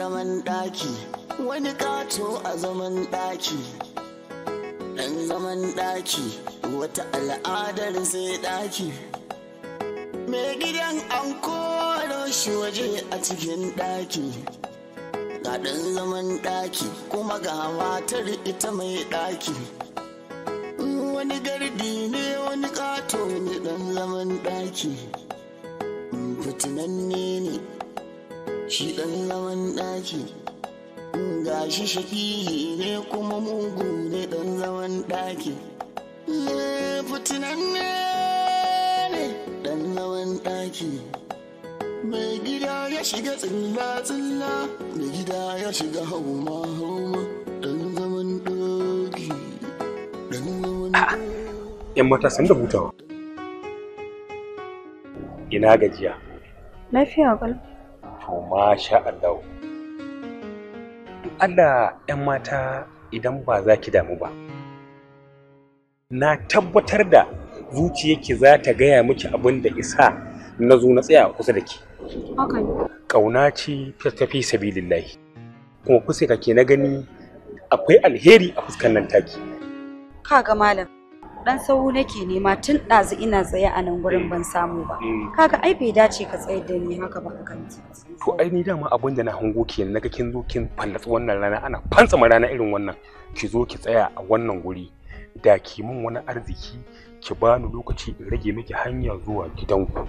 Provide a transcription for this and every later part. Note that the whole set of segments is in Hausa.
zaman ɗaki wani kato a zaman ɗaki ɗan zaman ɗaki wata al'adar sai ɗaki mai gidan an koro shi waje a cikin ɗaki ga ɗan zaman ɗaki kuma ga matar ita mai ɗaki wani gardi ne wani ƙato ne ɗan zaman ɗaki ne ne shi ɗan zaman ɗaki shi shafihi ne kuma mugu ne ɗan zaman ɗaki fitinan ne ɗan zaman ɗaki mai gida ya shiga tsilla-tsilla mai gida ya shiga hauma-hauma ɗan zaman ɗaki ɗan zaman ɗaki yan mata sun da ina gajiya lafiya ƙwalau to masha Allah Allah 'yan mata idan ba za ki damu ba na tabbatar da zuciyarki za ta gaya miki abin da isa na zo na tsaya kusa da ki ƙauna ce ta tafi sabilillahi kuma ka ke na gani akwai alheri a fuskan nan taki ga malam dan sahu nake nema tun ɗazu ina tsaye a nan gurin eh. ban samu ba eh. kaga ai bai dace ka tsayar da ni haka ba akan to ai ni dama abin da na hango kenan naga kin zo kin fallatsa wannan rana ana fantsama rana irin wannan ki zo ki tsaya a wannan guri da ki min wani arziki ki bani lokaci in rage miki hanya zuwa gidanku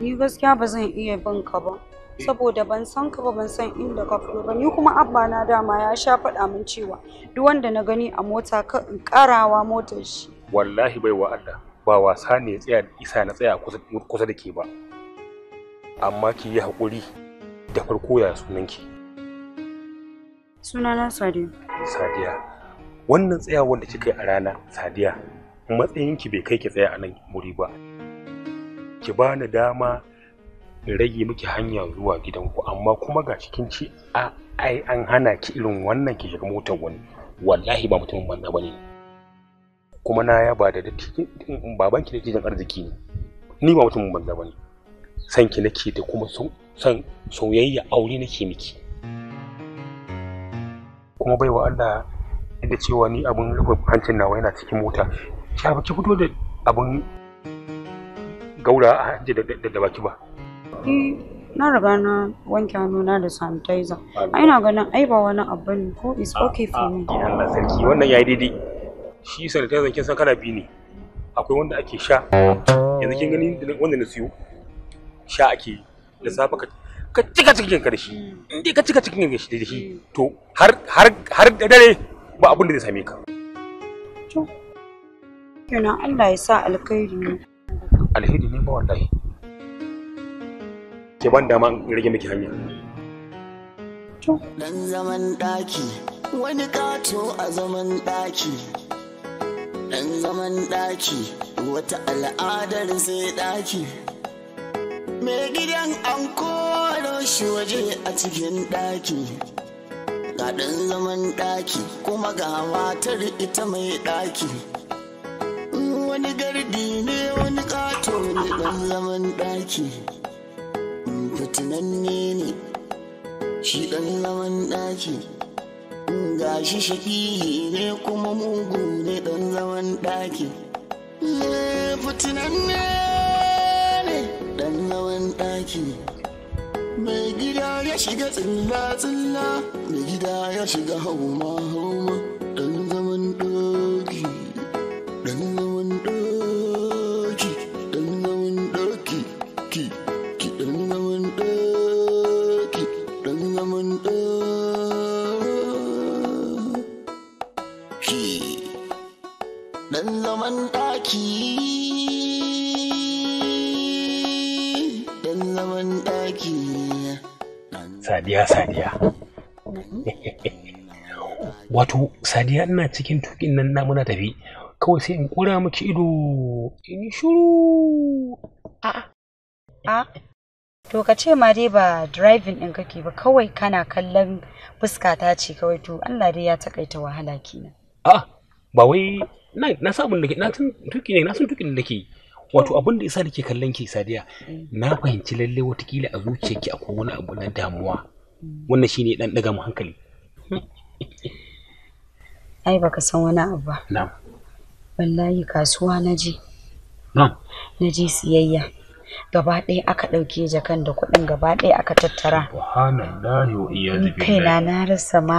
ni gaskiya ba zan iya bin ka ba saboda ban san ka ba ban san inda ka fito ba ni kuma abba na dama ya sha faɗa min cewa duk wanda na gani a mota ka in karawa motar shi wallahi bai wa Allah ba wasa ne tsaya isa na tsaya kusa da ke ba amma ki yi haƙuri da farko ya sunanki sunana sadiya sadiya wannan tsayawar da kika yi a rana sadiya matsayinki bai kai ki tsaya a nan muri ba ki bani dama in rage miki hanya zuwa gidanku amma kuma ga cikin ci a ai an hana ki irin wannan ki shiga motar wani wallahi ba mutumin banza bane kuma na ya ba da baban ki dattijan arziki ne ni ba mutumin banza bane san ki nake da kuma san soyayya aure nake miki kuma bai wa Allah da cewa ni abin rufe hancin nawa yana cikin mota ya baki fito da abin gaura a hanci da baki ba ki na riga na wanke hannuna da sanitizer ai na ganin ai ba wani abu ne ko is okay for me ah, ah, Allah sarki wannan yayi daidai shi sanitizer kin san kana bi ne akwai wanda ake sha yanzu kin gani wanda na siyo sha ake da safa ka ka cika cikin ka da shi in dai ka cika cikin ka da shi to har har har da dare ba abin da zai same ka to kenan Allah ya sa alkhairi ne alheri ne ba wallahi ke ban dama in rage miki hanya dan zaman daki wani kato a zaman daki dan zaman daki wata al'adar sai daki mai gidan an koro shi waje a cikin daki ga dan zaman daki kuma ga matar ita mai daki wani gardi ne wani kato ne dan zaman daki fitinanne ne shi ɗan zaman ɗaki gashi shaƙihi ne kuma mugu ne ɗan zaman ɗaki fitinanne ne ɗan zaman ɗaki mai gida ya shiga tsilla-tsilla mai gida ya shiga hauma-hauma ɗan zaman ɗaki ɗan zaman Sadiya Sadiya. Wato Sadiya ina cikin tukin nan na muna tafi kawai sai in kura miki ido in shuru. A a to ka ce ma dai ba driving din kake ba kawai kana kallon fuskata ce kawai to Allah dai ya takaita wahala kina. A'a ba wai na sa abin da na tuki ne na sun tukin da ke wato abin da yasa nake kallon ke sadiya mm. na fahimci lalle watakila a zuciyarki akwai wani abu na damuwa mm. wannan shine dan daga mu hankali ai baka san wani abu ba na'am wallahi kasuwa na ji na'am na ji siyayya gaba ɗaya aka ɗauke jakan da kuɗin gaba ɗaya aka tattara subhanallahi wa iyyazu billahi kaina na rasa ma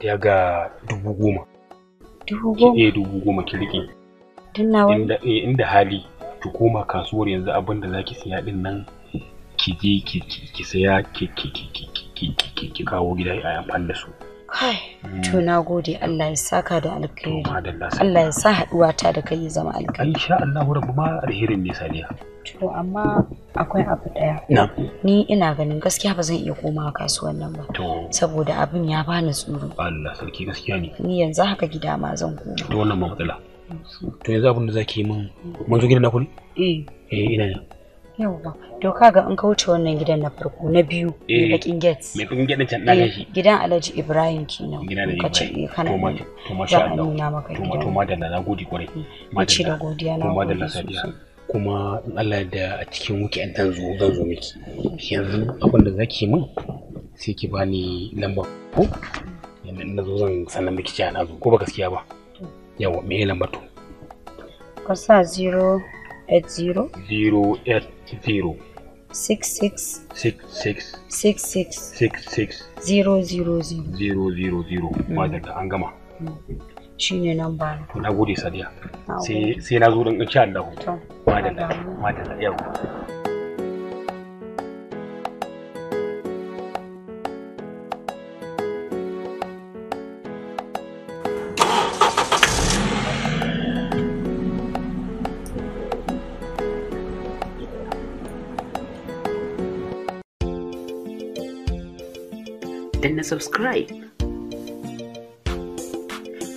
ya ga dubu goma. Dubu goma? Ki eh, dubu goma ki riƙe. Tunnawa? Eh, inda, hali ki koma kasuwar yanzu abin da za ki siya ɗin nan ki je ki saya ki kawo gida a amfani da su. Kai, mm. to na gode Allah ya saka da alkhairi. Allah ya sa haɗuwa ta da kai zama alkhairi. Insha Allah rabbu ma alherin ne saniya. To amma akwai abu daya ni ina ganin gaskiya ba zan iya koma kasuwan nan ba saboda abin ya bani tsoro Allah sarki gaskiya ne ni yanzu haka gida ma zan koma to wannan ba matsala to yanzu abin da zaki yi min mun zo gidan naku ne eh eh ina ne yawwa to kaga an kauce wannan gidan na farko na biyu mai eh. bakin gate me bakin gate can daga shi eh, gidan Alhaji Ibrahim kenan gidan da Ibrahim eh, kana to masha Allah to ma to ma da na gode kwarai ma da godiya na gode sosai kuma in Allah da a cikin an zan zo zan zo miki yanzu abin da zaki min sai ki bani lambar ko yanzu zo zan sanar miki cewa na zo ko ba gaskiya ba yawa me lambar to ka sa 080 66 66 66 66 000 000 da an gama mm. shine ne nan to na gode sadiya sai na zo don insha Allah to madalla madalla yau subscribe